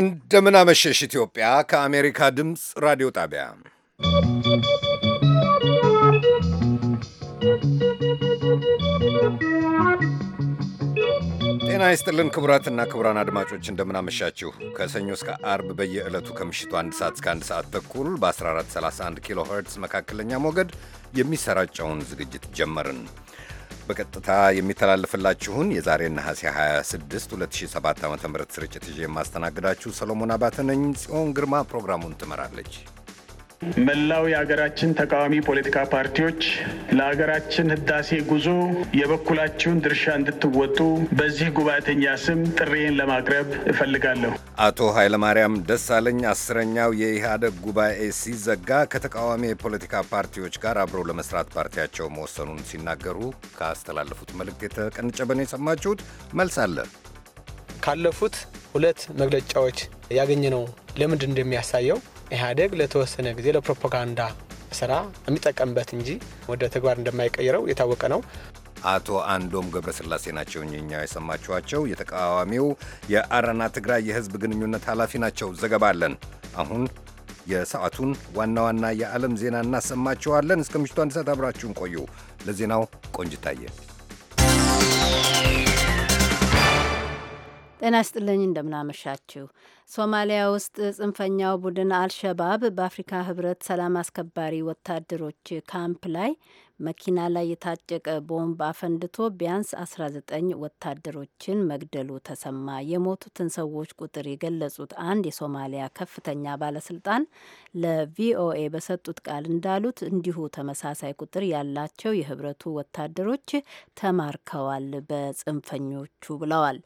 እንደምናመሸሽ ኢትዮጵያ ከአሜሪካ ድምፅ ራዲዮ ጣቢያ ጤና ይስጥልን ክቡራትና ክቡራን አድማጮች እንደምናመሻችሁ። ከሰኞ እስከ አርብ በየዕለቱ ከምሽቱ አንድ ሰዓት እስከ አንድ ሰዓት ተኩል በ1431 ኪሎ ኸርትዝ መካከለኛ ሞገድ የሚሰራጨውን ዝግጅት ጀመርን። በቀጥታ የሚተላለፍላችሁን የዛሬ ነሐሴ 26 2007 ዓ ም ስርጭት ይዤ የማስተናግዳችሁ ሰሎሞን አባተ ነኝ። ጽዮን ግርማ ፕሮግራሙን ትመራለች። መላው የሀገራችን ተቃዋሚ ፖለቲካ ፓርቲዎች ለሀገራችን ህዳሴ ጉዞ የበኩላችሁን ድርሻ እንድትወጡ በዚህ ጉባኤተኛ ስም ጥሬን ለማቅረብ እፈልጋለሁ። አቶ ኃይለማርያም ደሳለኝ አስረኛው የኢህአደግ ጉባኤ ሲዘጋ ከተቃዋሚ የፖለቲካ ፓርቲዎች ጋር አብረው ለመስራት ፓርቲያቸው መወሰኑን ሲናገሩ ካስተላለፉት መልእክት የተቀነጨበ ነው የሰማችሁት። መልስ አለ ካለፉት ሁለት መግለጫዎች ያገኘ ነው ለምንድን እንደሚያሳየው ኢህአዴግ ለተወሰነ ጊዜ ለፕሮፓጋንዳ ስራ የሚጠቀምበት እንጂ ወደ ተግባር እንደማይቀይረው የታወቀ ነው። አቶ አንዶም ገብረስላሴ ናቸው እኛ የሰማችኋቸው። የተቃዋሚው የአረና ትግራይ የህዝብ ግንኙነት ኃላፊ ናቸው። ዘገባ አለን። አሁን የሰዓቱን ዋና ዋና የዓለም ዜና እናሰማችኋለን። እስከ ምሽቱ አንድ ሰዓት አብራችሁን ቆዩ። ለዜናው ቆንጅታየ ጤና ይስጥልኝ እንደምናመሻችሁ። ሶማሊያ ውስጥ ጽንፈኛው ቡድን አልሸባብ በአፍሪካ ህብረት ሰላም አስከባሪ ወታደሮች ካምፕ ላይ መኪና ላይ የታጨቀ ቦምብ አፈንድቶ ቢያንስ 19 ወታደሮችን መግደሉ ተሰማ። የሞቱትን ሰዎች ቁጥር የገለጹት አንድ የሶማሊያ ከፍተኛ ባለስልጣን ለቪኦኤ በሰጡት ቃል እንዳሉት እንዲሁ ተመሳሳይ ቁጥር ያላቸው የህብረቱ ወታደሮች ተማርከዋል በጽንፈኞቹ ብለዋል።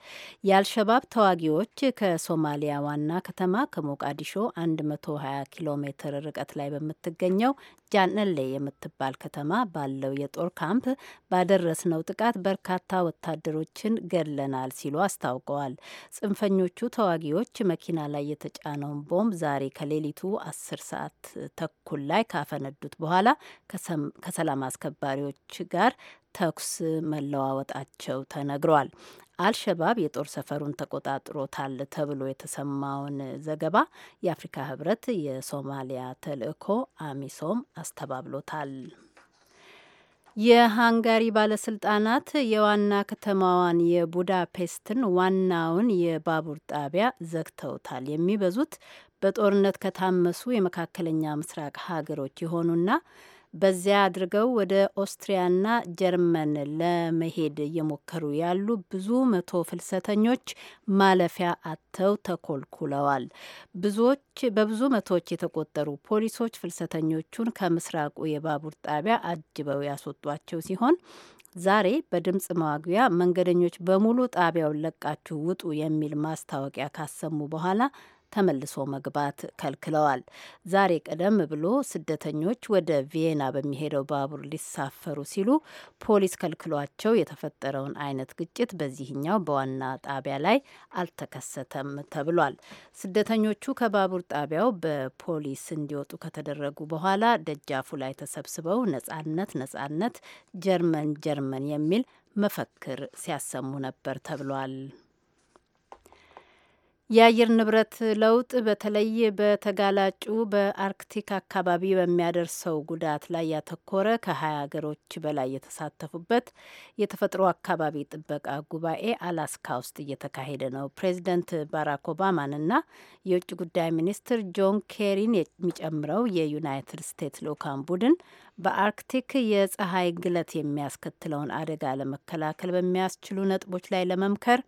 የአልሸባብ ተዋጊዎች ከሶማሊያ ዋና ከተማ ከሞቃዲሾ 120 ኪሎ ሜትር ርቀት ላይ በምትገኘው ጃነሌ የምትባል ከተማ ባለው የጦር ካምፕ ባደረስነው ጥቃት በርካታ ወታደሮችን ገድለናል ሲሉ አስታውቀዋል። ጽንፈኞቹ ተዋጊዎች መኪና ላይ የተጫነውን ቦምብ ዛሬ ከሌሊቱ አስር ሰዓት ተኩል ላይ ካፈነዱት በኋላ ከሰላም አስከባሪዎች ጋር ተኩስ መለዋወጣቸው ተነግሯል። አልሸባብ የጦር ሰፈሩን ተቆጣጥሮታል ተብሎ የተሰማውን ዘገባ የአፍሪካ ሕብረት የሶማሊያ ተልዕኮ አሚሶም አስተባብሎታል። የሃንጋሪ ባለስልጣናት የዋና ከተማዋን የቡዳፔስትን ዋናውን የባቡር ጣቢያ ዘግተውታል። የሚበዙት በጦርነት ከታመሱ የመካከለኛ ምስራቅ ሀገሮች የሆኑና በዚያ አድርገው ወደ ኦስትሪያና ጀርመን ለመሄድ እየሞከሩ ያሉ ብዙ መቶ ፍልሰተኞች ማለፊያ አጥተው ተኮልኩለዋል። ብዙዎች በብዙ መቶዎች የተቆጠሩ ፖሊሶች ፍልሰተኞቹን ከምስራቁ የባቡር ጣቢያ አጅበው ያስወጧቸው ሲሆን ዛሬ በድምፅ ማጉያ መንገደኞች በሙሉ ጣቢያውን ለቃችሁ ውጡ የሚል ማስታወቂያ ካሰሙ በኋላ ተመልሶ መግባት ከልክለዋል። ዛሬ ቀደም ብሎ ስደተኞች ወደ ቪየና በሚሄደው ባቡር ሊሳፈሩ ሲሉ ፖሊስ ከልክሏቸው የተፈጠረውን አይነት ግጭት በዚህኛው በዋና ጣቢያ ላይ አልተከሰተም ተብሏል። ስደተኞቹ ከባቡር ጣቢያው በፖሊስ እንዲወጡ ከተደረጉ በኋላ ደጃፉ ላይ ተሰብስበው ነጻነት ነጻነት፣ ጀርመን ጀርመን የሚል መፈክር ሲያሰሙ ነበር ተብሏል። የአየር ንብረት ለውጥ በተለይ በተጋላጩ በአርክቲክ አካባቢ በሚያደርሰው ጉዳት ላይ ያተኮረ ከሀያ ሀገሮች በላይ የተሳተፉበት የተፈጥሮ አካባቢ ጥበቃ ጉባኤ አላስካ ውስጥ እየተካሄደ ነው። ፕሬዚደንት ባራክ ኦባማንና የውጭ ጉዳይ ሚኒስትር ጆን ኬሪን የሚጨምረው የዩናይትድ ስቴትስ ልኡካን ቡድን በአርክቲክ የፀሐይ ግለት የሚያስከትለውን አደጋ ለመከላከል በሚያስችሉ ነጥቦች ላይ ለመምከር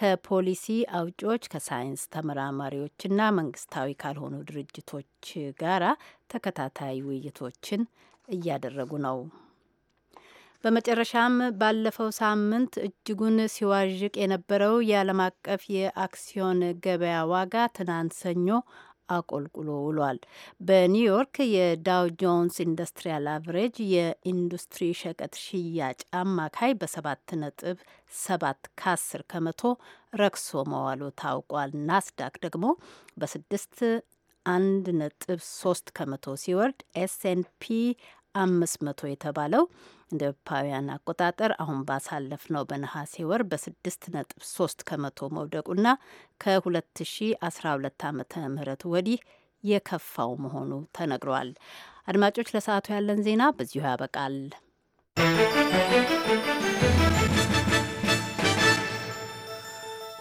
ከፖሊሲ አውጪዎች ከሳይንስ ተመራማሪዎችና መንግስታዊ ካልሆኑ ድርጅቶች ጋር ተከታታይ ውይይቶችን እያደረጉ ነው። በመጨረሻም ባለፈው ሳምንት እጅጉን ሲዋዥቅ የነበረው የዓለም አቀፍ የአክሲዮን ገበያ ዋጋ ትናንት ሰኞ አቆልቁሎ ውሏል። በኒውዮርክ የዳው ጆንስ ኢንዱስትሪያል አቨሬጅ የኢንዱስትሪ ሸቀጥ ሽያጭ አማካይ በሰባት ነጥብ ሰባት ከአስር ከመቶ ረክሶ መዋሉ ታውቋል። ናስዳክ ደግሞ በስድስት አንድ ነጥብ ሶስት ከመቶ ሲወርድ ኤስኤንፒ አምስት መቶ የተባለው እንደ ኤሮፓውያን አቆጣጠር አሁን ባሳለፍ ነው በነሐሴ ወር በስድስት ነጥብ ሶስት ከመቶ መውደቁና ከ2012 ዓመተ ምህረት ወዲህ የከፋው መሆኑ ተነግሯል። አድማጮች ለሰዓቱ ያለን ዜና በዚሁ ያበቃል።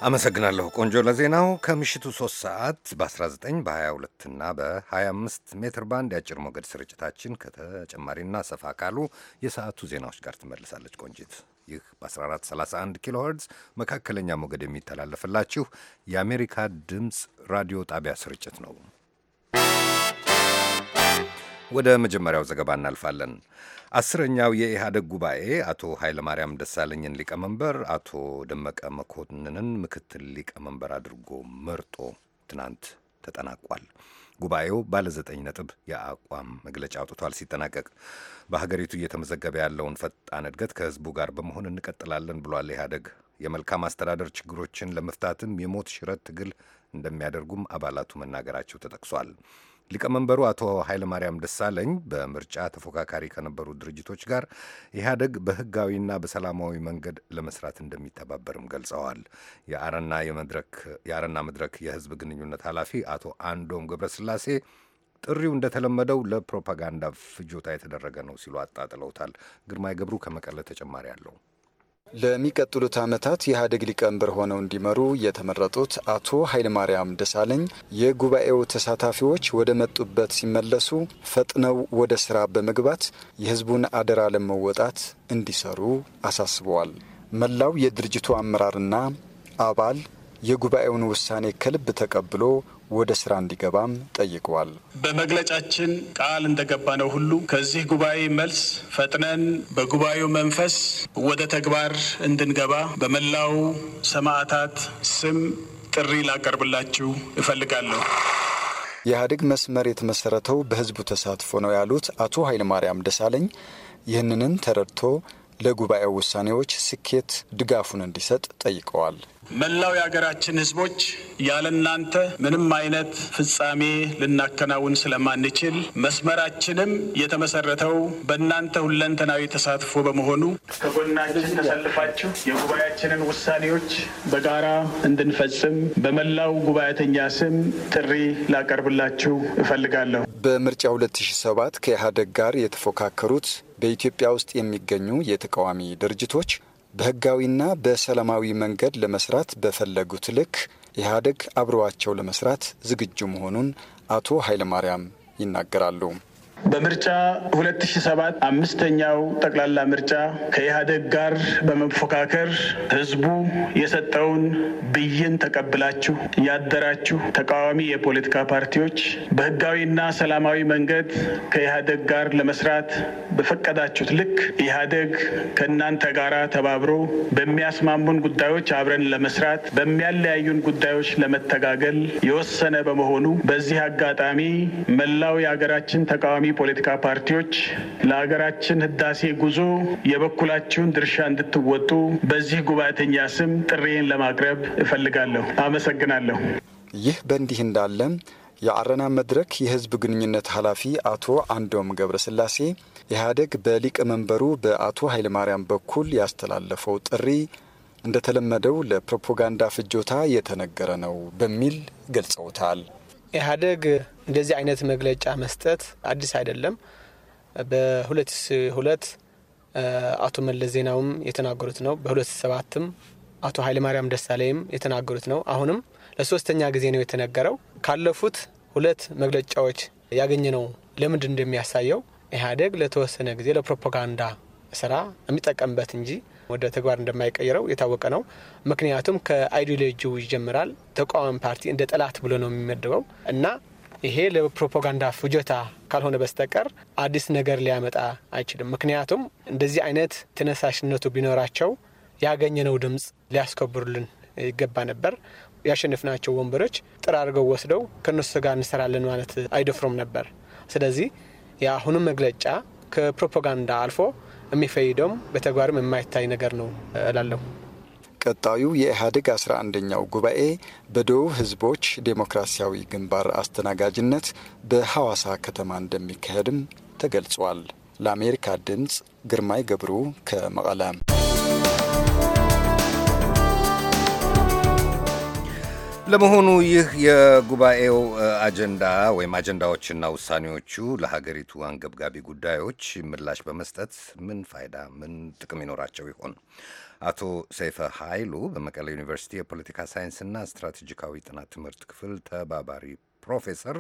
አመሰግናለሁ ቆንጆ ለዜናው። ከምሽቱ 3 ሰዓት በ19 በ22 እና በ25 ሜትር ባንድ የአጭር ሞገድ ስርጭታችን ከተጨማሪና ሰፋ ካሉ የሰዓቱ ዜናዎች ጋር ትመልሳለች ቆንጂት። ይህ በ1431 ኪሎ ሄርዝ መካከለኛ ሞገድ የሚተላለፍላችሁ የአሜሪካ ድምፅ ራዲዮ ጣቢያ ስርጭት ነው። ወደ መጀመሪያው ዘገባ እናልፋለን። አስረኛው የኢህአደግ ጉባኤ አቶ ኃይለማርያም ደሳለኝን ሊቀመንበር፣ አቶ ደመቀ መኮንንን ምክትል ሊቀመንበር አድርጎ መርጦ ትናንት ተጠናቋል። ጉባኤው ባለ ዘጠኝ ነጥብ የአቋም መግለጫ አውጥቷል። ሲጠናቀቅ በሀገሪቱ እየተመዘገበ ያለውን ፈጣን እድገት ከህዝቡ ጋር በመሆን እንቀጥላለን ብሏል። ኢህአደግ የመልካም አስተዳደር ችግሮችን ለመፍታትም የሞት ሽረት ትግል እንደሚያደርጉም አባላቱ መናገራቸው ተጠቅሷል። ሊቀመንበሩ አቶ ኃይለማርያም ደሳለኝ በምርጫ ተፎካካሪ ከነበሩ ድርጅቶች ጋር ኢህአደግ በህጋዊና በሰላማዊ መንገድ ለመስራት እንደሚተባበርም ገልጸዋል። የአረና መድረክ የህዝብ ግንኙነት ኃላፊ አቶ አንዶም ገብረስላሴ ጥሪው እንደተለመደው ለፕሮፓጋንዳ ፍጆታ የተደረገ ነው ሲሉ አጣጥለውታል። ግርማይ ገብሩ ከመቀለ ተጨማሪ አለው። ለሚቀጥሉት ዓመታት የኢህአዴግ ሊቀመንበር ሆነው እንዲመሩ የተመረጡት አቶ ኃይለማርያም ደሳለኝ የጉባኤው ተሳታፊዎች ወደ መጡበት ሲመለሱ ፈጥነው ወደ ስራ በመግባት የህዝቡን አደራ ለመወጣት እንዲሰሩ አሳስበዋል። መላው የድርጅቱ አመራርና አባል የጉባኤውን ውሳኔ ከልብ ተቀብሎ ወደ ስራ እንዲገባም ጠይቀዋል። በመግለጫችን ቃል እንደገባነው ሁሉ ከዚህ ጉባኤ መልስ ፈጥነን በጉባኤው መንፈስ ወደ ተግባር እንድንገባ በመላው ሰማዕታት ስም ጥሪ ላቀርብላችሁ እፈልጋለሁ። የኢህአዴግ መስመር የተመሰረተው በህዝቡ ተሳትፎ ነው ያሉት አቶ ኃይለማርያም ደሳለኝ ይህንንም ተረድቶ ለጉባኤው ውሳኔዎች ስኬት ድጋፉን እንዲሰጥ ጠይቀዋል። መላው የሀገራችን ህዝቦች ያለ እናንተ ምንም አይነት ፍጻሜ ልናከናውን ስለማንችል መስመራችንም የተመሰረተው በእናንተ ሁለንተናዊ ተሳትፎ በመሆኑ ከጎናችን ተሰልፋችሁ የጉባኤያችንን ውሳኔዎች በጋራ እንድንፈጽም በመላው ጉባኤተኛ ስም ጥሪ ላቀርብላችሁ እፈልጋለሁ። በምርጫ 2007 ከኢህአዴግ ጋር የተፎካከሩት በኢትዮጵያ ውስጥ የሚገኙ የተቃዋሚ ድርጅቶች በህጋዊና በሰላማዊ መንገድ ለመስራት በፈለጉት ልክ ኢህአዴግ አብረዋቸው ለመስራት ዝግጁ መሆኑን አቶ ኃይለማርያም ይናገራሉ። በምርጫ 2007 አምስተኛው ጠቅላላ ምርጫ ከኢህአደግ ጋር በመፎካከር ህዝቡ የሰጠውን ብይን ተቀብላችሁ ያደራችሁ ተቃዋሚ የፖለቲካ ፓርቲዎች በህጋዊና ሰላማዊ መንገድ ከኢህአደግ ጋር ለመስራት በፈቀዳችሁት ልክ ኢህአደግ ከእናንተ ጋር ተባብሮ በሚያስማሙን ጉዳዮች አብረን ለመስራት፣ በሚያለያዩን ጉዳዮች ለመተጋገል የወሰነ በመሆኑ በዚህ አጋጣሚ መላው የሀገራችን ተቃዋሚ ፖለቲካ ፓርቲዎች ለሀገራችን ህዳሴ ጉዞ የበኩላችሁን ድርሻ እንድትወጡ በዚህ ጉባኤተኛ ስም ጥሬን ለማቅረብ እፈልጋለሁ። አመሰግናለሁ። ይህ በእንዲህ እንዳለ የአረና መድረክ የህዝብ ግንኙነት ኃላፊ አቶ አንዶም ገብረስላሴ ኢህአዴግ በሊቀመንበሩ በአቶ ኃይለማርያም በኩል ያስተላለፈው ጥሪ እንደተለመደው ለፕሮፓጋንዳ ፍጆታ የተነገረ ነው በሚል ገልጸውታል። ኢህአዴግ እንደዚህ አይነት መግለጫ መስጠት አዲስ አይደለም። በ2002 አቶ መለስ ዜናውም የተናገሩት ነው። በ2007ም አቶ ኃይለማርያም ደሳለይም የተናገሩት ነው። አሁንም ለሶስተኛ ጊዜ ነው የተነገረው። ካለፉት ሁለት መግለጫዎች ያገኘ ነው ልምድ እንደሚያሳየው ኢህአዴግ ለተወሰነ ጊዜ ለፕሮፓጋንዳ ስራ የሚጠቀምበት እንጂ ወደ ተግባር እንደማይቀይረው የታወቀ ነው። ምክንያቱም ከአይዲዮሎጂው ይጀምራል። ተቃዋሚ ፓርቲ እንደ ጠላት ብሎ ነው የሚመደበው እና ይሄ ለፕሮፓጋንዳ ፍጆታ ካልሆነ በስተቀር አዲስ ነገር ሊያመጣ አይችልም። ምክንያቱም እንደዚህ አይነት ተነሳሽነቱ ቢኖራቸው ያገኘነው ድምፅ ሊያስከብሩልን ይገባ ነበር። ያሸንፍናቸው ወንበሮች ጥር አድርገው ወስደው ከእነሱ ጋር እንሰራለን ማለት አይደፍሩም ነበር። ስለዚህ የአሁኑ መግለጫ ከፕሮፓጋንዳ አልፎ የሚፈይደውም በተግባርም የማይታይ ነገር ነው እላለሁ። ቀጣዩ የኢህአዴግ አስራ አንደኛው ጉባኤ በደቡብ ህዝቦች ዴሞክራሲያዊ ግንባር አስተናጋጅነት በሐዋሳ ከተማ እንደሚካሄድም ተገልጿል። ለአሜሪካ ድምፅ ግርማይ ገብሩ ከመቐለም ለመሆኑ ይህ የጉባኤው አጀንዳ ወይም አጀንዳዎችና ውሳኔዎቹ ለሀገሪቱ አንገብጋቢ ጉዳዮች ምላሽ በመስጠት ምን ፋይዳ ምን ጥቅም ይኖራቸው ይሆን? አቶ ሰይፈ ኃይሉ በመቀለ ዩኒቨርሲቲ የፖለቲካ ሳይንስና ስትራቴጂካዊ ጥናት ትምህርት ክፍል ተባባሪ ፕሮፌሰር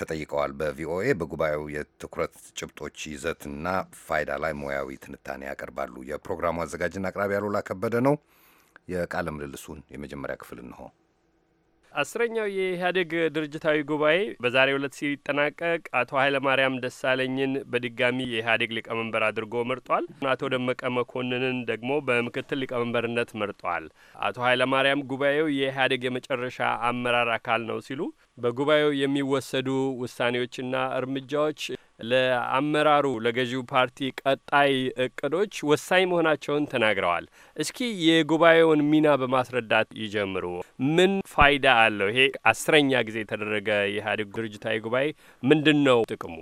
ተጠይቀዋል። በቪኦኤ በጉባኤው የትኩረት ጭብጦች ይዘትና ፋይዳ ላይ ሙያዊ ትንታኔ ያቀርባሉ። የፕሮግራሙ አዘጋጅና አቅራቢ አሉላ ከበደ ነው። የቃለ ምልልሱን የመጀመሪያ ክፍል እንሆ። አስረኛው የኢህአዴግ ድርጅታዊ ጉባኤ በዛሬው ዕለት ሲጠናቀቅ አቶ ኃይለማርያም ደሳለኝን በድጋሚ የኢህአዴግ ሊቀመንበር አድርጎ መርጧል። አቶ ደመቀ መኮንንን ደግሞ በምክትል ሊቀመንበርነት መርጧል። አቶ ኃይለማርያም ጉባኤው የኢህአዴግ የመጨረሻ አመራር አካል ነው ሲሉ በጉባኤው የሚወሰዱ ውሳኔዎችና እርምጃዎች ለአመራሩ ለገዢው ፓርቲ ቀጣይ እቅዶች ወሳኝ መሆናቸውን ተናግረዋል። እስኪ የጉባኤውን ሚና በማስረዳት ይጀምሩ። ምን ፋይዳ አለው ይሄ አስረኛ ጊዜ የተደረገ የኢህአዴግ ድርጅታዊ ጉባኤ ምንድን ነው ጥቅሙ?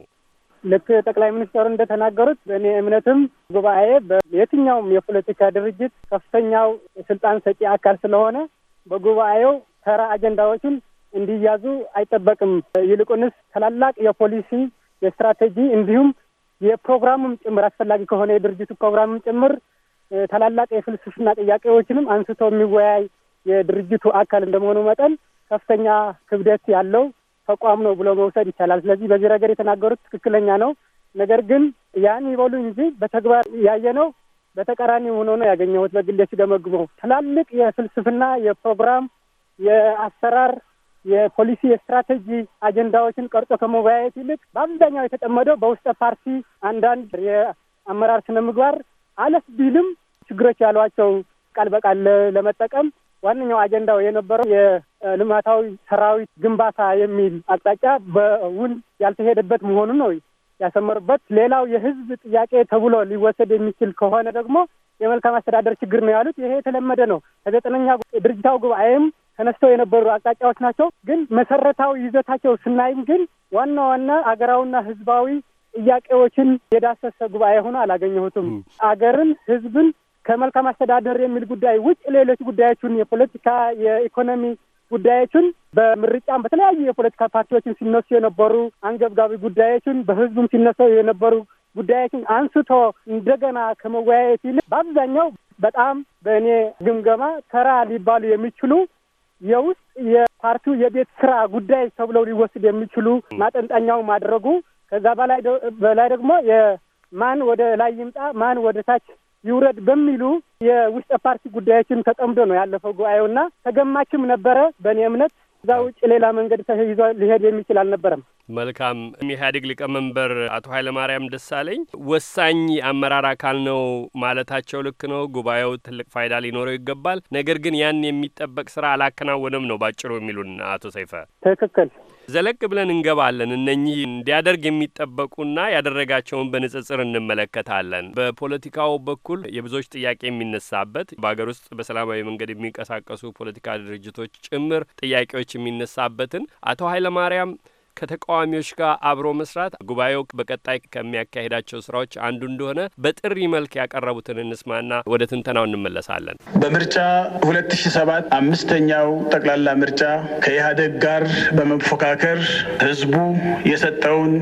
ልክ ጠቅላይ ሚኒስትሩ እንደተናገሩት በእኔ እምነትም ጉባኤ በየትኛውም የፖለቲካ ድርጅት ከፍተኛው ስልጣን ሰጪ አካል ስለሆነ በጉባኤው ተራ አጀንዳዎችን እንዲያዙ አይጠበቅም። ይልቁንስ ታላላቅ የፖሊሲ የስትራቴጂ እንዲሁም የፕሮግራሙም ጭምር አስፈላጊ ከሆነ የድርጅቱ ፕሮግራምም ጭምር ታላላቅ የፍልስፍና ጥያቄዎችንም አንስቶ የሚወያይ የድርጅቱ አካል እንደመሆኑ መጠን ከፍተኛ ክብደት ያለው ተቋም ነው ብሎ መውሰድ ይቻላል። ስለዚህ በዚህ ረገድ የተናገሩት ትክክለኛ ነው። ነገር ግን ያን ይበሉ እንጂ በተግባር ያየነው በተቃራኒ ሆኖ ነው ያገኘሁት። በግሌ ሲገመግመው ትላልቅ የፍልስፍና የፕሮግራም የአሰራር የፖሊሲ የስትራቴጂ አጀንዳዎችን ቀርጾ ከመወያየት ይልቅ በአብዛኛው የተጠመደው በውስጠ ፓርቲ አንዳንድ የአመራር ስነ ምግባር አለፍ ቢልም ችግሮች ያሏቸው ቃል በቃል ለመጠቀም ዋነኛው አጀንዳው የነበረው የልማታዊ ሰራዊት ግንባታ የሚል አቅጣጫ በውል ያልተሄደበት መሆኑ ነው ያሰመሩበት። ሌላው የህዝብ ጥያቄ ተብሎ ሊወሰድ የሚችል ከሆነ ደግሞ የመልካም አስተዳደር ችግር ነው ያሉት። ይሄ የተለመደ ነው። ከዘጠነኛ ድርጅታው ጉባኤም ተነስተው የነበሩ አቅጣጫዎች ናቸው። ግን መሰረታዊ ይዘታቸው ስናይም ግን ዋና ዋና አገራዊና ህዝባዊ ጥያቄዎችን የዳሰሰ ጉባኤ ሆኖ አላገኘሁትም። አገርን፣ ህዝብን ከመልካም አስተዳደር የሚል ጉዳይ ውጭ ሌሎች ጉዳዮችን የፖለቲካ የኢኮኖሚ ጉዳዮችን በምርጫም በተለያዩ የፖለቲካ ፓርቲዎችን ሲነሱ የነበሩ አንገብጋቢ ጉዳዮችን በህዝቡም ሲነሱ የነበሩ ጉዳዮችን አንስቶ እንደገና ከመወያየት ይልቅ በአብዛኛው በጣም በእኔ ግምገማ ተራ ሊባሉ የሚችሉ የውስጥ የፓርቲው የቤት ስራ ጉዳይ ተብለው ሊወስድ የሚችሉ ማጠንጠኛው ማድረጉ ከዛ በላይ ደግሞ የማን ወደ ላይ ይምጣ ማን ወደ ታች ይውረድ በሚሉ የውስጥ ፓርቲ ጉዳዮችን ተጠምዶ ነው ያለፈው ጉባኤውና ተገማችም ነበረ። በእኔ እምነት እዛ ውጭ ሌላ መንገድ ተይዞ ሊሄድ የሚችል አልነበረም። መልካም የኢህአዴግ ሊቀመንበር አቶ ኃይለማርያም ደሳለኝ ወሳኝ አመራር አካል ነው ማለታቸው ልክ ነው። ጉባኤው ትልቅ ፋይዳ ሊኖረው ይገባል። ነገር ግን ያን የሚጠበቅ ስራ አላከናወነም ነው ባጭሩ የሚሉን አቶ ሰይፈ ትክክል። ዘለቅ ብለን እንገባለን። እነኚህ እንዲያደርግ የሚጠበቁና ያደረጋቸውን በንጽጽር እንመለከታለን። በፖለቲካው በኩል የብዙዎች ጥያቄ የሚነሳበት በሀገር ውስጥ በሰላማዊ መንገድ የሚንቀሳቀሱ ፖለቲካ ድርጅቶች ጭምር ጥያቄዎች የሚነሳበትን አቶ ኃይለማርያም ከተቃዋሚዎች ጋር አብሮ መስራት ጉባኤው በቀጣይ ከሚያካሄዳቸው ስራዎች አንዱ እንደሆነ በጥሪ መልክ ያቀረቡትን እንስማና ወደ ትንተናው እንመለሳለን። በምርጫ 2007 አምስተኛው ጠቅላላ ምርጫ ከኢህአዴግ ጋር በመፎካከር ህዝቡ የሰጠውን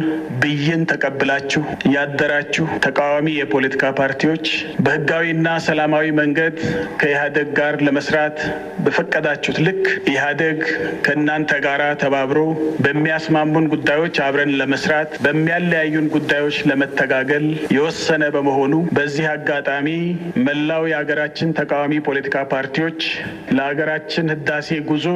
ብይን ተቀብላችሁ ያደራችሁ ተቃዋሚ የፖለቲካ ፓርቲዎች በህጋዊና ሰላማዊ መንገድ ከኢህአዴግ ጋር ለመስራት በፈቀዳችሁት ልክ ኢህአዴግ ከእናንተ ጋራ ተባብሮ በሚያስማ በሚያስማሙን ጉዳዮች አብረን ለመስራት፣ በሚያለያዩን ጉዳዮች ለመተጋገል የወሰነ በመሆኑ በዚህ አጋጣሚ መላው የሀገራችን ተቃዋሚ ፖለቲካ ፓርቲዎች ለሀገራችን ህዳሴ ጉዞ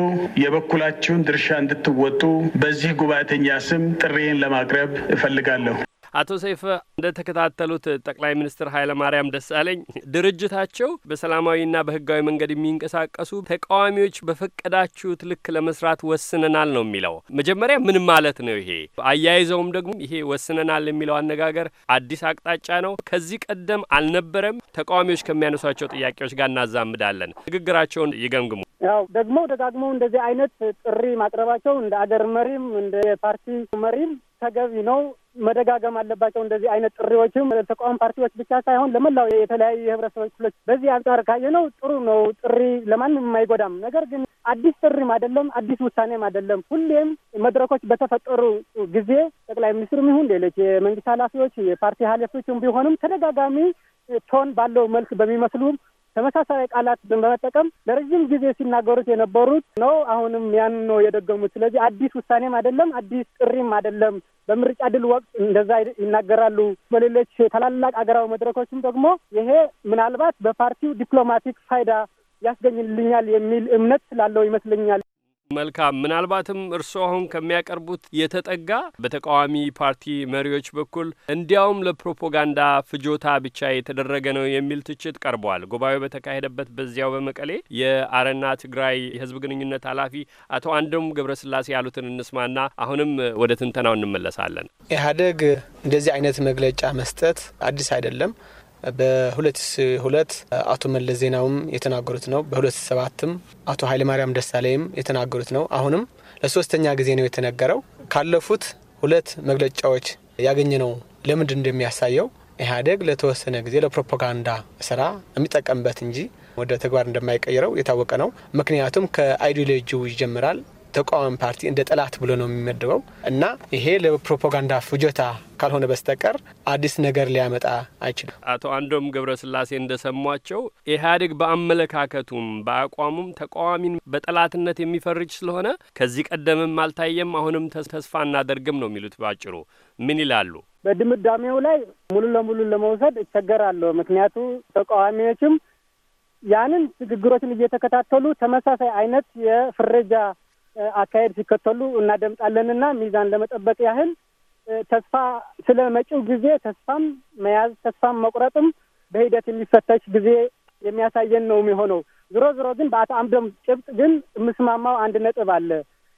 የበኩላችሁን ድርሻ እንድትወጡ በዚህ ጉባኤተኛ ስም ጥሬን ለማቅረብ እፈልጋለሁ። አቶ ሰይፈ እንደተከታተሉት ጠቅላይ ሚኒስትር ኃይለማርያም ደሳለኝ ድርጅታቸው በሰላማዊና በህጋዊ መንገድ የሚንቀሳቀሱ ተቃዋሚዎች በፈቀዳችሁት ልክ ለመስራት ወስነናል ነው የሚለው። መጀመሪያ ምን ማለት ነው ይሄ? አያይዘውም ደግሞ ይሄ ወስነናል የሚለው አነጋገር አዲስ አቅጣጫ ነው፣ ከዚህ ቀደም አልነበረም። ተቃዋሚዎች ከሚያነሷቸው ጥያቄዎች ጋር እናዛምዳለን። ንግግራቸውን ይገምግሙ። ያው ደግሞ ደጋግሞ እንደዚህ አይነት ጥሪ ማቅረባቸው እንደ አገር መሪም እንደ ፓርቲ መሪም ተገቢ ነው። መደጋገም አለባቸው። እንደዚህ አይነት ጥሪዎችም ተቃዋሚ ፓርቲዎች ብቻ ሳይሆን ለመላው የተለያዩ የህብረተሰብ ክፍሎች በዚህ አንጻር ካየነው ጥሩ ነው። ጥሪ ለማንም የማይጎዳም። ነገር ግን አዲስ ጥሪም አይደለም፣ አዲስ ውሳኔም አይደለም። ሁሌም መድረኮች በተፈጠሩ ጊዜ ጠቅላይ ሚኒስትሩም ይሁን ሌሎች የመንግስት ኃላፊዎች የፓርቲ ኃላፊዎችም ቢሆንም ተደጋጋሚ ቶን ባለው መልክ በሚመስሉ ተመሳሳይ ቃላት በመጠቀም ለረጅም ጊዜ ሲናገሩት የነበሩት ነው። አሁንም ያን ነው የደገሙት። ስለዚህ አዲስ ውሳኔም አይደለም፣ አዲስ ጥሪም አይደለም። በምርጫ ድል ወቅት እንደዛ ይናገራሉ። በሌሎች ታላላቅ አገራዊ መድረኮችም ደግሞ ይሄ ምናልባት በፓርቲው ዲፕሎማቲክ ፋይዳ ያስገኝልኛል የሚል እምነት ስላለው ይመስለኛል። መልካም ምናልባትም እርስዎ አሁን ከሚያቀርቡት የተጠጋ በተቃዋሚ ፓርቲ መሪዎች በኩል እንዲያውም ለፕሮፓጋንዳ ፍጆታ ብቻ የተደረገ ነው የሚል ትችት ቀርቧል። ጉባኤው በተካሄደበት በዚያው በመቀሌ የአረና ትግራይ የህዝብ ግንኙነት ኃላፊ አቶ አንዶም ገብረስላሴ ያሉትን እንስማና አሁንም ወደ ትንተናው እንመለሳለን። ኢህአዴግ እንደዚህ አይነት መግለጫ መስጠት አዲስ አይደለም። በ2002 አቶ መለስ ዜናውም የተናገሩት ነው። በ2007ም አቶ ኃይለማርያም ደሳለይም የተናገሩት ነው። አሁንም ለሶስተኛ ጊዜ ነው የተነገረው። ካለፉት ሁለት መግለጫዎች ያገኘ ነው ለምንድ እንደሚያሳየው ኢህአዴግ ለተወሰነ ጊዜ ለፕሮፓጋንዳ ስራ የሚጠቀምበት እንጂ ወደ ተግባር እንደማይቀይረው የታወቀ ነው። ምክንያቱም ከአይዲዮሎጂው ይጀምራል። ተቃዋሚ ፓርቲ እንደ ጠላት ብሎ ነው የሚመደበው እና ይሄ ለፕሮፓጋንዳ ፍጆታ ካልሆነ በስተቀር አዲስ ነገር ሊያመጣ አይችልም። አቶ አንዶም ገብረስላሴ እንደሰሟቸው ኢህአዴግ በአመለካከቱም በአቋሙም ተቃዋሚን በጠላትነት የሚፈርጅ ስለሆነ ከዚህ ቀደምም አልታየም፣ አሁንም ተስፋ እናደርግም ነው የሚሉት። ባጭሩ ምን ይላሉ? በድምዳሜው ላይ ሙሉ ለሙሉ ለመውሰድ እቸገራለሁ። ምክንያቱ ተቃዋሚዎችም ያንን ንግግሮችን እየተከታተሉ ተመሳሳይ አይነት የፍረጃ አካሄድ ሲከተሉ እናደምጣለንና ሚዛን ለመጠበቅ ያህል ተስፋ ስለ መጪው ጊዜ ተስፋም መያዝ ተስፋም መቁረጥም በሂደት የሚፈተሽ ጊዜ የሚያሳየን ነው የሚሆነው። ዝሮ ዝሮ ግን በአቶ ጭብጥ ግን የምስማማው አንድ ነጥብ አለ።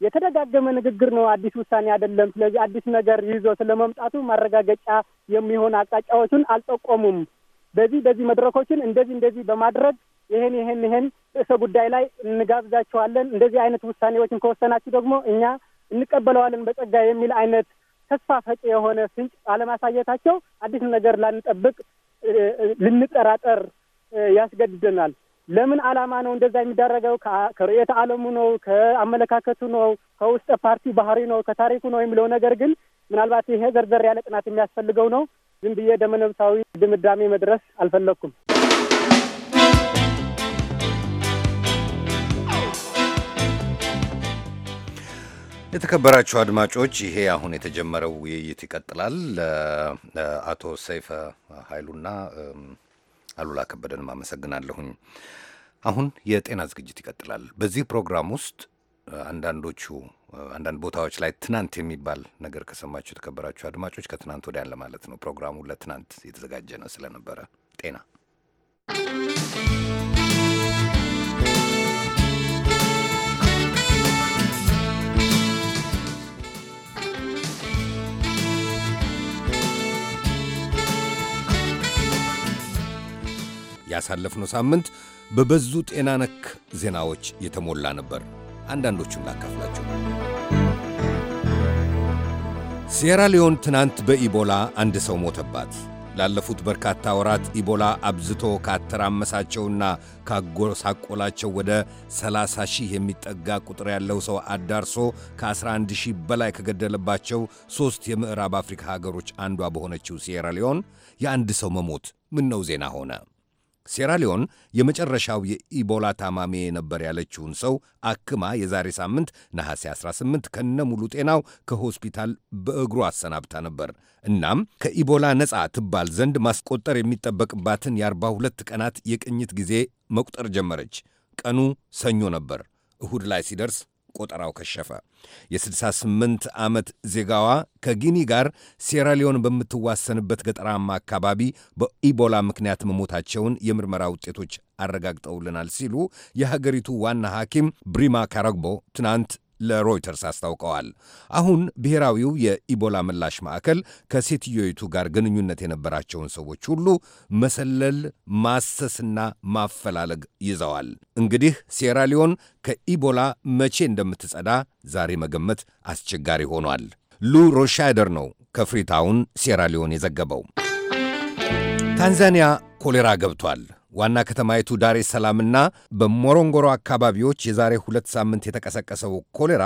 የተደጋገመ ንግግር ነው፣ አዲስ ውሳኔ አይደለም። ስለዚህ አዲስ ነገር ይዞ ስለ መምጣቱ ማረጋገጫ የሚሆን አቅጣጫዎቹን አልጠቆሙም። በዚህ በዚህ መድረኮችን እንደዚህ እንደዚህ በማድረግ ይህን ይህን ይህን ርዕሰ ጉዳይ ላይ እንጋብዛችኋለን፣ እንደዚህ አይነት ውሳኔዎችን ከወሰናችሁ ደግሞ እኛ እንቀበለዋለን በጸጋ የሚል አይነት ተስፋ ፈጪ የሆነ ፍንጭ አለማሳየታቸው አዲስ ነገር ላንጠብቅ ልንጠራጠር ያስገድደናል። ለምን ዓላማ ነው እንደዛ የሚደረገው? ከርዕዮተ ዓለሙ ነው? ከአመለካከቱ ነው? ከውስጠ ፓርቲ ባህሪ ነው? ከታሪኩ ነው የሚለው ነገር ግን ምናልባት ይሄ ዘርዘር ያለ ጥናት የሚያስፈልገው ነው። ዝም ብዬ ደመነብሳዊ ድምዳሜ መድረስ አልፈለግኩም። የተከበራችሁ አድማጮች ይሄ አሁን የተጀመረው ውይይት ይቀጥላል። አቶ ሰይፈ ኃይሉና አሉላ ከበደንም አመሰግናለሁኝ። አሁን የጤና ዝግጅት ይቀጥላል። በዚህ ፕሮግራም ውስጥ አንዳንዶቹ አንዳንድ ቦታዎች ላይ ትናንት የሚባል ነገር ከሰማችሁ የተከበራችሁ አድማጮች ከትናንት ወዲያን ለማለት ነው። ፕሮግራሙ ለትናንት የተዘጋጀ ነው ስለነበረ ጤና ያሳለፍነው ሳምንት በበዙ ጤና ነክ ዜናዎች የተሞላ ነበር። አንዳንዶቹን ላካፍላችሁ። ሴራ ሊዮን ትናንት በኢቦላ አንድ ሰው ሞተባት። ላለፉት በርካታ ወራት ኢቦላ አብዝቶ ካተራመሳቸውና ካጎሳቆላቸው ወደ 30 ሺህ የሚጠጋ ቁጥር ያለው ሰው አዳርሶ ከ11 ሺህ በላይ ከገደለባቸው ሦስት የምዕራብ አፍሪካ ሀገሮች አንዷ በሆነችው ሴራ ሊዮን የአንድ ሰው መሞት ምን ነው ዜና ሆነ? ሴራሊዮን የመጨረሻው የኢቦላ ታማሚ ነበር ያለችውን ሰው አክማ የዛሬ ሳምንት ነሐሴ 18 ከነ ሙሉ ጤናው ከሆስፒታል በእግሩ አሰናብታ ነበር። እናም ከኢቦላ ነፃ ትባል ዘንድ ማስቆጠር የሚጠበቅባትን የ42 ቀናት የቅኝት ጊዜ መቁጠር ጀመረች። ቀኑ ሰኞ ነበር። እሁድ ላይ ሲደርስ ቆጠራው ከሸፈ። የ68 ዓመት ዜጋዋ ከጊኒ ጋር ሴራሊዮን በምትዋሰንበት ገጠራማ አካባቢ በኢቦላ ምክንያት መሞታቸውን የምርመራ ውጤቶች አረጋግጠውልናል ሲሉ የሀገሪቱ ዋና ሐኪም ብሪማ ካረግቦ ትናንት ለሮይተርስ አስታውቀዋል። አሁን ብሔራዊው የኢቦላ ምላሽ ማዕከል ከሴትዮይቱ ጋር ግንኙነት የነበራቸውን ሰዎች ሁሉ መሰለል፣ ማሰስና ማፈላለግ ይዘዋል። እንግዲህ ሴራሊዮን ከኢቦላ መቼ እንደምትጸዳ ዛሬ መገመት አስቸጋሪ ሆኗል። ሉ ሮሻይደር ነው ከፍሪታውን ሴራሊዮን የዘገበው። ታንዛኒያ ኮሌራ ገብቷል። ዋና ከተማይቱ ዳሬ ሰላምና በሞሮንጎሮ አካባቢዎች የዛሬ ሁለት ሳምንት የተቀሰቀሰው ኮሌራ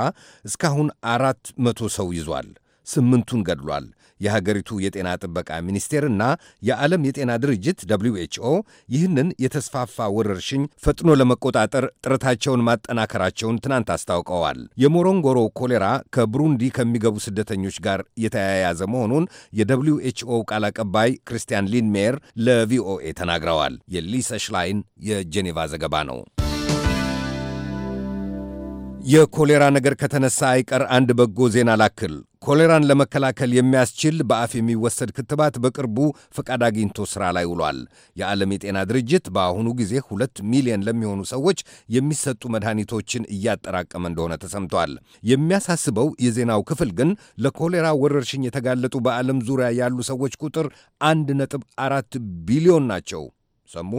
እስካሁን አራት መቶ ሰው ይዟል፣ ስምንቱን ገድሏል፣ የሀገሪቱ የጤና ጥበቃ ሚኒስቴርና የዓለም የጤና ድርጅት ደብሊው ኤችኦ ይህንን የተስፋፋ ወረርሽኝ ፈጥኖ ለመቆጣጠር ጥረታቸውን ማጠናከራቸውን ትናንት አስታውቀዋል። የሞሮንጎሮ ኮሌራ ከብሩንዲ ከሚገቡ ስደተኞች ጋር የተያያዘ መሆኑን የደብሊው ኤችኦ ቃል አቀባይ ክርስቲያን ሊንሜየር ለቪኦኤ ተናግረዋል። የሊሰ ሽላይን የጄኔቫ ዘገባ ነው። የኮሌራ ነገር ከተነሳ አይቀር አንድ በጎ ዜና ላክል። ኮሌራን ለመከላከል የሚያስችል በአፍ የሚወሰድ ክትባት በቅርቡ ፈቃድ አግኝቶ ሥራ ላይ ውሏል። የዓለም የጤና ድርጅት በአሁኑ ጊዜ ሁለት ሚሊዮን ለሚሆኑ ሰዎች የሚሰጡ መድኃኒቶችን እያጠራቀመ እንደሆነ ተሰምቷል። የሚያሳስበው የዜናው ክፍል ግን ለኮሌራ ወረርሽኝ የተጋለጡ በዓለም ዙሪያ ያሉ ሰዎች ቁጥር አንድ ነጥብ አራት ቢሊዮን ናቸው። ሰሙ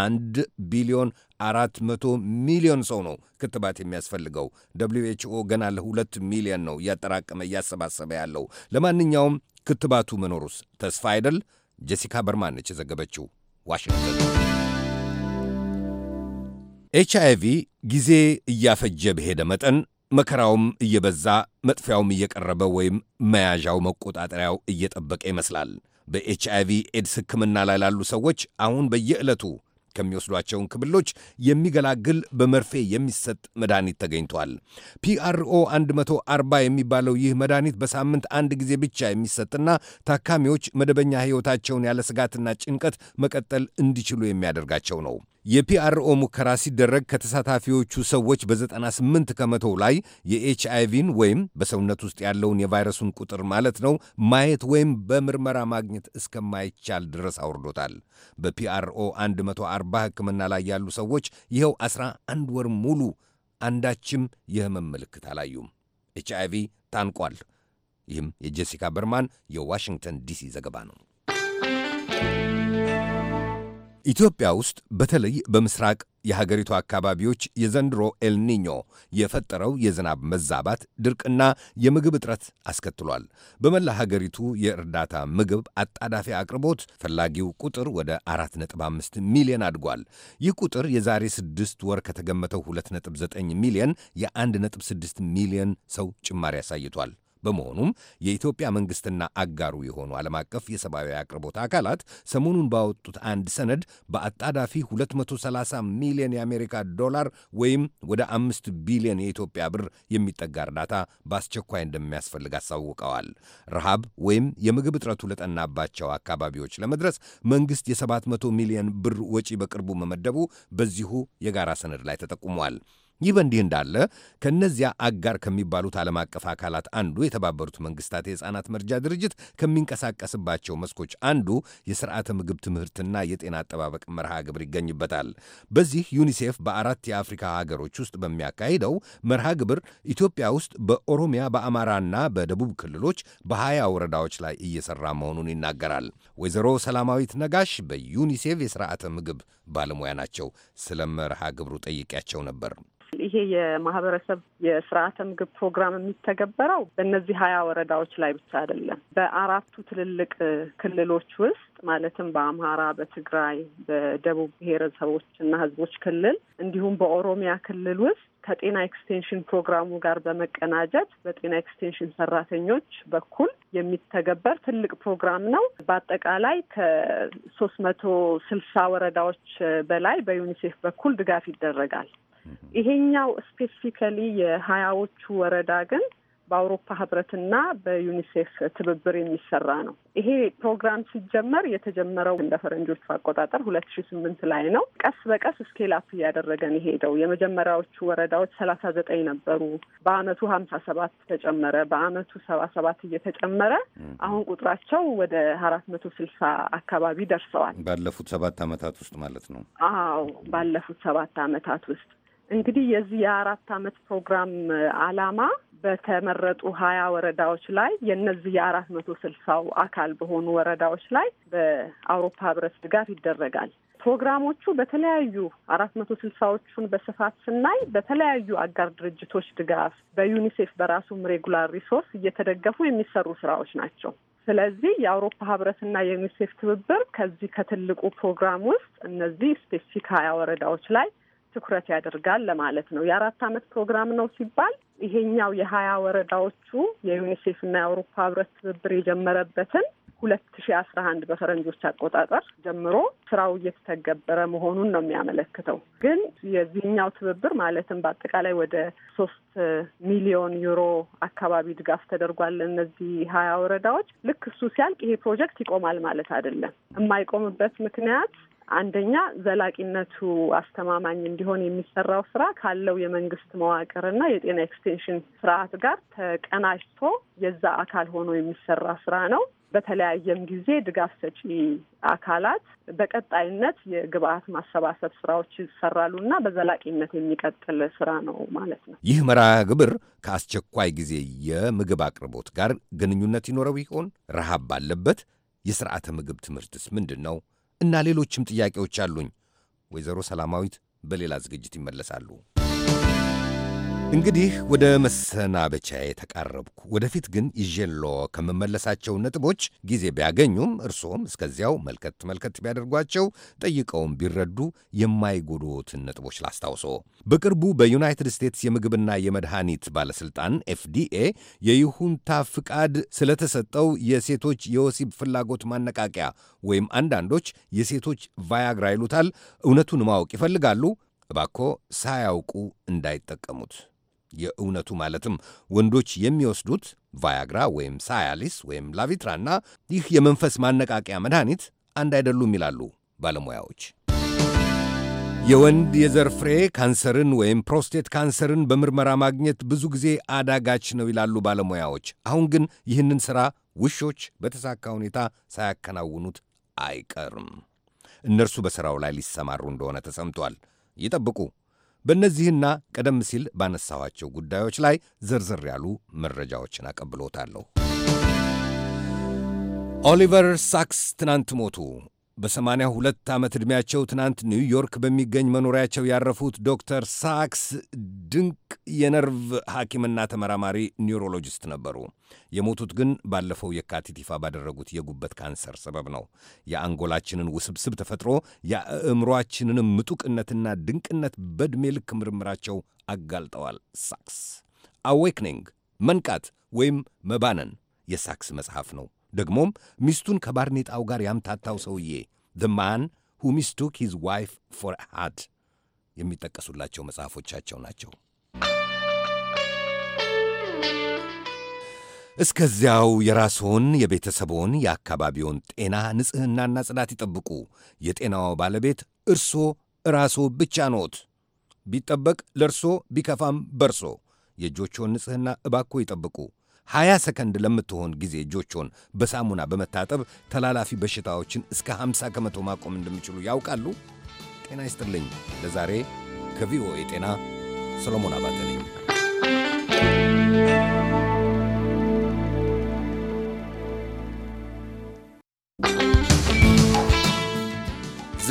አንድ ቢሊዮን አራት መቶ ሚሊዮን ሰው ነው ክትባት የሚያስፈልገው። ደብሊው ኤችኦ ኦ ገና ለሁለት ሚሊዮን ነው እያጠራቀመ እያሰባሰበ ያለው። ለማንኛውም ክትባቱ መኖሩስ ተስፋ አይደል? ጀሲካ በርማን ነች የዘገበችው፣ ዋሽንግተን። ኤች አይ ቪ ጊዜ እያፈጀ በሄደ መጠን መከራውም እየበዛ መጥፊያውም እየቀረበ ወይም መያዣው መቆጣጠሪያው እየጠበቀ ይመስላል። በኤች አይ ቪ ኤድስ ሕክምና ላይ ላሉ ሰዎች አሁን በየዕለቱ ከሚወስዷቸው ክብሎች የሚገላግል በመርፌ የሚሰጥ መድኃኒት ተገኝቷል። ፒአርኦ 140 የሚባለው ይህ መድኃኒት በሳምንት አንድ ጊዜ ብቻ የሚሰጥና ታካሚዎች መደበኛ ሕይወታቸውን ያለ ስጋትና ጭንቀት መቀጠል እንዲችሉ የሚያደርጋቸው ነው። የፒአርኦ ሙከራ ሲደረግ ከተሳታፊዎቹ ሰዎች በ98 ከመቶ ላይ የኤች አይቪን ወይም በሰውነት ውስጥ ያለውን የቫይረሱን ቁጥር ማለት ነው ማየት ወይም በምርመራ ማግኘት እስከማይቻል ድረስ አውርዶታል። በፒአርኦ 140 ሕክምና ላይ ያሉ ሰዎች ይኸው 11 ወር ሙሉ አንዳችም የህመም ምልክት አላዩም። ኤች አይቪ ታንቋል። ይህም የጄሲካ በርማን የዋሽንግተን ዲሲ ዘገባ ነው። ኢትዮጵያ ውስጥ በተለይ በምስራቅ የሀገሪቱ አካባቢዎች የዘንድሮ ኤልኒኞ የፈጠረው የዝናብ መዛባት ድርቅና የምግብ እጥረት አስከትሏል። በመላ ሀገሪቱ የእርዳታ ምግብ አጣዳፊ አቅርቦት ፈላጊው ቁጥር ወደ 4.5 ሚሊዮን አድጓል። ይህ ቁጥር የዛሬ 6 ወር ከተገመተው 2.9 ሚሊዮን የ1.6 ሚሊዮን ሰው ጭማሪ አሳይቷል። በመሆኑም የኢትዮጵያ መንግስትና አጋሩ የሆኑ ዓለም አቀፍ የሰብአዊ አቅርቦት አካላት ሰሞኑን ባወጡት አንድ ሰነድ በአጣዳፊ 230 ሚሊዮን የአሜሪካ ዶላር ወይም ወደ አምስት ቢሊዮን የኢትዮጵያ ብር የሚጠጋ እርዳታ በአስቸኳይ እንደሚያስፈልግ አሳውቀዋል። ረሃብ ወይም የምግብ እጥረቱ ለጠናባቸው አካባቢዎች ለመድረስ መንግስት የ700 ሚሊዮን ብር ወጪ በቅርቡ መመደቡ በዚሁ የጋራ ሰነድ ላይ ተጠቁሟል። ይህ በእንዲህ እንዳለ ከእነዚያ አጋር ከሚባሉት ዓለም አቀፍ አካላት አንዱ የተባበሩት መንግስታት የሕፃናት መርጃ ድርጅት ከሚንቀሳቀስባቸው መስኮች አንዱ የስርዓተ ምግብ ትምህርትና የጤና አጠባበቅ መርሃ ግብር ይገኝበታል። በዚህ ዩኒሴፍ በአራት የአፍሪካ ሀገሮች ውስጥ በሚያካሂደው መርሃ ግብር ኢትዮጵያ ውስጥ በኦሮሚያ በአማራና በደቡብ ክልሎች በሀያ ወረዳዎች ላይ እየሰራ መሆኑን ይናገራል። ወይዘሮ ሰላማዊት ነጋሽ በዩኒሴፍ የስርዓተ ምግብ ባለሙያ ናቸው። ስለ መርሃ ግብሩ ጠይቄያቸው ነበር። ይሄ የማህበረሰብ የስርዓተ ምግብ ፕሮግራም የሚተገበረው በእነዚህ ሀያ ወረዳዎች ላይ ብቻ አይደለም። በአራቱ ትልልቅ ክልሎች ውስጥ ማለትም በአምሃራ፣ በትግራይ፣ በደቡብ ብሔረሰቦችና ህዝቦች ክልል እንዲሁም በኦሮሚያ ክልል ውስጥ ከጤና ኤክስቴንሽን ፕሮግራሙ ጋር በመቀናጀት በጤና ኤክስቴንሽን ሰራተኞች በኩል የሚተገበር ትልቅ ፕሮግራም ነው። በአጠቃላይ ከሶስት መቶ ስልሳ ወረዳዎች በላይ በዩኒሴፍ በኩል ድጋፍ ይደረጋል። ይሄኛው ስፔሲፊካሊ የሀያዎቹ ወረዳ ግን በአውሮፓ ህብረትና በዩኒሴፍ ትብብር የሚሰራ ነው። ይሄ ፕሮግራም ሲጀመር የተጀመረው እንደ ፈረንጆቹ አቆጣጠር ሁለት ሺ ስምንት ላይ ነው። ቀስ በቀስ ስኬል እያደረገን የሄደው የመጀመሪያዎቹ ወረዳዎች ሰላሳ ዘጠኝ ነበሩ። በአመቱ ሀምሳ ሰባት ተጨመረ። በአመቱ ሰባ ሰባት እየተጨመረ አሁን ቁጥራቸው ወደ አራት መቶ ስልሳ አካባቢ ደርሰዋል። ባለፉት ሰባት አመታት ውስጥ ማለት ነው። አዎ ባለፉት ሰባት አመታት ውስጥ እንግዲህ የዚህ የአራት አመት ፕሮግራም አላማ በተመረጡ ሀያ ወረዳዎች ላይ የእነዚህ የአራት መቶ ስልሳው አካል በሆኑ ወረዳዎች ላይ በአውሮፓ ህብረት ድጋፍ ይደረጋል። ፕሮግራሞቹ በተለያዩ አራት መቶ ስልሳዎቹን በስፋት ስናይ በተለያዩ አጋር ድርጅቶች ድጋፍ በዩኒሴፍ በራሱም ሬጉላር ሪሶርስ እየተደገፉ የሚሰሩ ስራዎች ናቸው። ስለዚህ የአውሮፓ ህብረትና የዩኒሴፍ ትብብር ከዚህ ከትልቁ ፕሮግራም ውስጥ እነዚህ ስፔሲፊክ ሀያ ወረዳዎች ላይ ትኩረት ያደርጋል ለማለት ነው። የአራት አመት ፕሮግራም ነው ሲባል ይሄኛው የሀያ ወረዳዎቹ የዩኒሴፍ እና የአውሮፓ ህብረት ትብብር የጀመረበትን ሁለት ሺ አስራ አንድ በፈረንጆች አቆጣጠር ጀምሮ ስራው እየተተገበረ መሆኑን ነው የሚያመለክተው። ግን የዚህኛው ትብብር ማለትም በአጠቃላይ ወደ ሶስት ሚሊዮን ዩሮ አካባቢ ድጋፍ ተደርጓል። እነዚህ ሀያ ወረዳዎች ልክ እሱ ሲያልቅ ይሄ ፕሮጀክት ይቆማል ማለት አይደለም። የማይቆምበት ምክንያት አንደኛ ዘላቂነቱ አስተማማኝ እንዲሆን የሚሰራው ስራ ካለው የመንግስት መዋቅርና የጤና ኤክስቴንሽን ስርዓት ጋር ተቀናጅቶ የዛ አካል ሆኖ የሚሰራ ስራ ነው። በተለያየም ጊዜ ድጋፍ ሰጪ አካላት በቀጣይነት የግብአት ማሰባሰብ ስራዎች ይሰራሉ እና በዘላቂነት የሚቀጥል ስራ ነው ማለት ነው። ይህ መርሃ ግብር ከአስቸኳይ ጊዜ የምግብ አቅርቦት ጋር ግንኙነት ይኖረው ይሆን? ረሃብ ባለበት የስርዓተ ምግብ ትምህርትስ ምንድን ነው? እና ሌሎችም ጥያቄዎች አሉኝ። ወይዘሮ ሰላማዊት በሌላ ዝግጅት ይመለሳሉ። እንግዲህ ወደ መሰናበቻ የተቃረብኩ፣ ወደፊት ግን ይዤሎ ከመመለሳቸው ነጥቦች ጊዜ ቢያገኙም እርስዎም እስከዚያው መልከት መልከት ቢያደርጓቸው ጠይቀውም ቢረዱ የማይጎዱትን ነጥቦች ላስታውሶ። በቅርቡ በዩናይትድ ስቴትስ የምግብና የመድኃኒት ባለሥልጣን ኤፍዲኤ የይሁንታ ፍቃድ ስለተሰጠው የሴቶች የወሲብ ፍላጎት ማነቃቂያ ወይም አንዳንዶች የሴቶች ቫያግራ ይሉታል እውነቱን ማወቅ ይፈልጋሉ። እባኮ ሳያውቁ እንዳይጠቀሙት። የእውነቱ ማለትም ወንዶች የሚወስዱት ቫያግራ ወይም ሳያሊስ ወይም ላቪትራና ይህ የመንፈስ ማነቃቂያ መድኃኒት አንድ አይደሉም ይላሉ ባለሙያዎች። የወንድ የዘር ፍሬ ካንሰርን ወይም ፕሮስቴት ካንሰርን በምርመራ ማግኘት ብዙ ጊዜ አዳጋች ነው ይላሉ ባለሙያዎች። አሁን ግን ይህንን ሥራ ውሾች በተሳካ ሁኔታ ሳያከናውኑት አይቀርም። እነርሱ በሥራው ላይ ሊሰማሩ እንደሆነ ተሰምቷል። ይጠብቁ። በእነዚህና ቀደም ሲል ባነሳኋቸው ጉዳዮች ላይ ዝርዝር ያሉ መረጃዎችን አቀብሎታለሁ። ኦሊቨር ሳክስ ትናንት ሞቱ። በሰማንያ ሁለት ዓመት ዕድሜያቸው ትናንት ኒውዮርክ በሚገኝ መኖሪያቸው ያረፉት ዶክተር ሳክስ ድንቅ የነርቭ ሐኪምና ተመራማሪ ኒውሮሎጂስት ነበሩ። የሞቱት ግን ባለፈው የካቲት ይፋ ባደረጉት የጉበት ካንሰር ሰበብ ነው። የአንጎላችንን ውስብስብ ተፈጥሮ የአእምሯችንንም ምጡቅነትና ድንቅነት በዕድሜ ልክ ምርምራቸው አጋልጠዋል። ሳክስ አዌክኒንግ መንቃት ወይም መባነን የሳክስ መጽሐፍ ነው። ደግሞም ሚስቱን ከባርኔጣው ጋር ያምታታው ሰውዬ ዘ ማን ሁ ሚስቱክ ሂዝ ዋይፍ ፎር ሃድ የሚጠቀሱላቸው መጽሐፎቻቸው ናቸው። እስከዚያው የራስዎን የቤተሰቦን፣ የአካባቢውን ጤና ንጽሕናና ጽዳት ይጠብቁ። የጤናው ባለቤት እርሶ ራሶ ብቻ ኖት። ቢጠበቅ ለእርሶ ቢከፋም በርሶ። የእጆችዎን ንጽሕና እባኮ ይጠብቁ። 20 ሰከንድ ለምትሆን ጊዜ እጆችዎን በሳሙና በመታጠብ ተላላፊ በሽታዎችን እስከ 50 ከመቶ ማቆም እንደሚችሉ ያውቃሉ? ጤና ይስጥልኝ። ለዛሬ ከቪኦኤ ጤና ሰሎሞን አባተ ነኝ።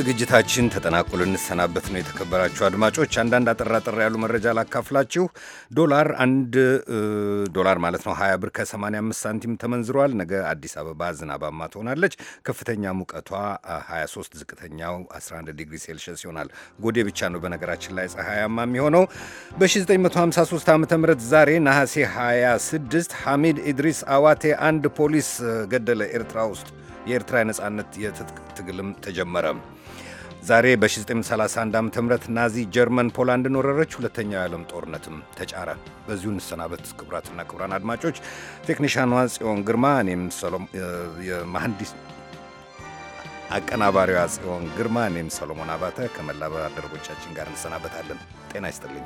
ዝግጅታችን ተጠናቆ ልንሰናበት ነው። የተከበራችሁ አድማጮች አንዳንድ አጠራጠር ያሉ መረጃ ላካፍላችሁ። ዶላር አንድ ዶላር ማለት ነው 20 ብር ከ85 ሳንቲም ተመንዝሯል። ነገ አዲስ አበባ ዝናባማ ትሆናለች። ከፍተኛ ሙቀቷ 23፣ ዝቅተኛው 11 ዲግሪ ሴልሽስ ይሆናል። ጎዴ ብቻ ነው በነገራችን ላይ ፀሐያማ የሚሆነው። በ1953 ዓ ም ዛሬ ነሐሴ 26 ሐሚድ ኢድሪስ አዋቴ አንድ ፖሊስ ገደለ ኤርትራ ውስጥ። የኤርትራ ነጻነት የትጥቅ ትግልም ተጀመረ። ዛሬ በ1931 ዓ ም ናዚ ጀርመን ፖላንድን ወረረች። ሁለተኛው የዓለም ጦርነትም ተጫረ። በዚሁ እንሰናበት። ክቡራትና ክቡራን አድማጮች ቴክኒሻኗ ጽዮን ግርማ፣ እኔም የመሐንዲስ አቀናባሪዋ ጽዮን ግርማ፣ እኔም ሰሎሞን አባተ ከመላ ባልደረቦቻችን ጋር እንሰናበታለን። ጤና ይስጥልኝ።